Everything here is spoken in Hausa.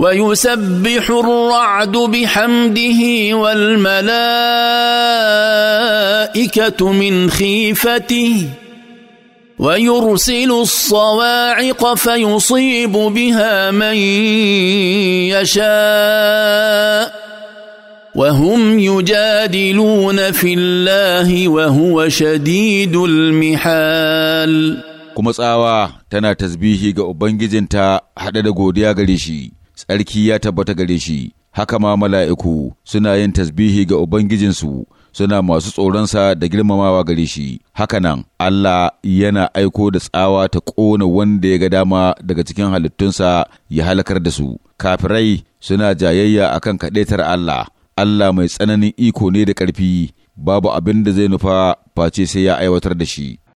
ويسبح الرعد بحمده والملائكه من خيفته ويرسل الصواعق فيصيب بها من يشاء وهم يجادلون في الله وهو شديد المحال كما سأوى تنا tasbihi ga ubangijinta تا حدد godiya gare shi tsarki ya tabbata gare shi, haka ma mala'iku suna yin tasbihi ga Ubangijinsu suna masu tsoronsa da girmamawa gare shi, haka nan Allah yana aiko da tsawa ta ƙona wanda ya ga dama daga cikin halittunsa ya halakar da su, kafirai suna jayayya akan kaɗaitar Allah, Allah mai tsananin iko ne da ƙarfi, babu abin da zai nufa face sai ya aiwatar da shi.